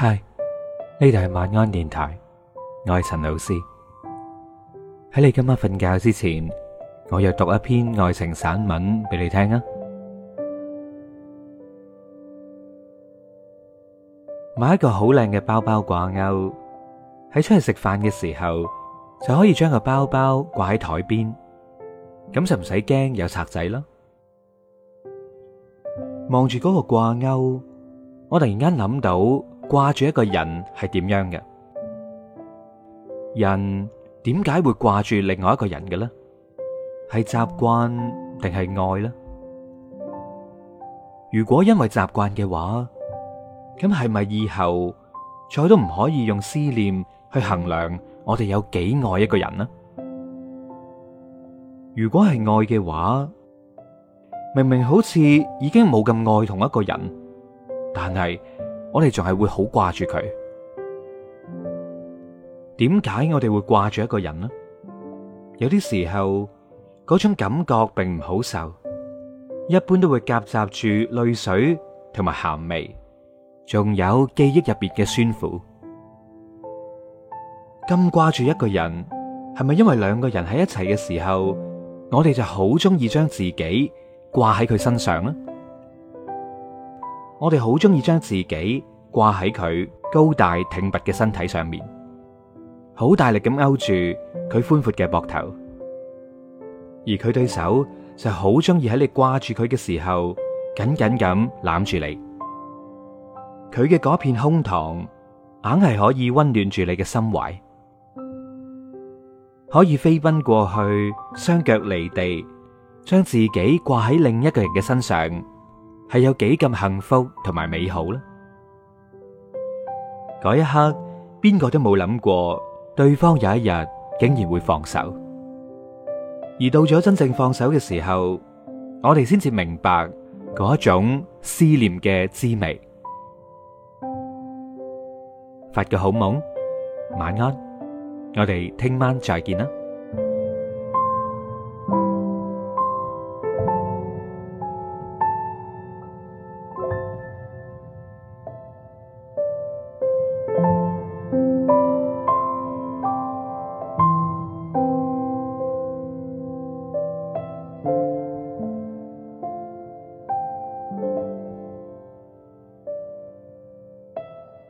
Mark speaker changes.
Speaker 1: 嗨，呢度係晚安電台，我係陳老師。喺你今晚瞓覺之前，我又讀一篇愛情散文俾你聽啊！買一個好靚嘅包包掛鈎，喺出去食飯嘅時候就可以將個包包掛喺台邊，咁就唔使驚有賊仔咯。望住嗰個掛鈎，我突然間諗到。掛住一個人係點樣嘅？人點解會掛住另外一個人嘅咧？係習慣定係愛咧？如果因為習慣嘅話，咁係咪以後再都唔可以用思念去衡量我哋有幾愛一個人呢？如果係愛嘅話，明明好似已經冇咁愛同一個人，但係。我哋仲係會好掛住佢，點解我哋會掛住一個人呢？有啲時候嗰種感覺並唔好受，一般都會夾雜住淚水同埋鹹味，仲有記憶入邊嘅酸苦。咁掛住一個人，係咪因為兩個人喺一齊嘅時候，我哋就好中意將自己掛喺佢身上呢？我哋好中意將自己掛喺佢高大挺拔嘅身體上面，好大力咁勾住佢寬闊嘅膊頭，而佢對手就好中意喺你掛住佢嘅時候，緊緊咁攬住你。佢嘅嗰片胸膛，硬係可以温暖住你嘅心懷，可以飛奔過去，雙腳離地，將自己掛喺另一個人嘅身上。係有幾咁幸福同埋美好呢？嗰一刻，邊個都冇諗過對方有一日竟然會放手，而到咗真正放手嘅時候，我哋先至明白嗰一種思念嘅滋味。發個好夢，晚安，我哋聽晚再見啦。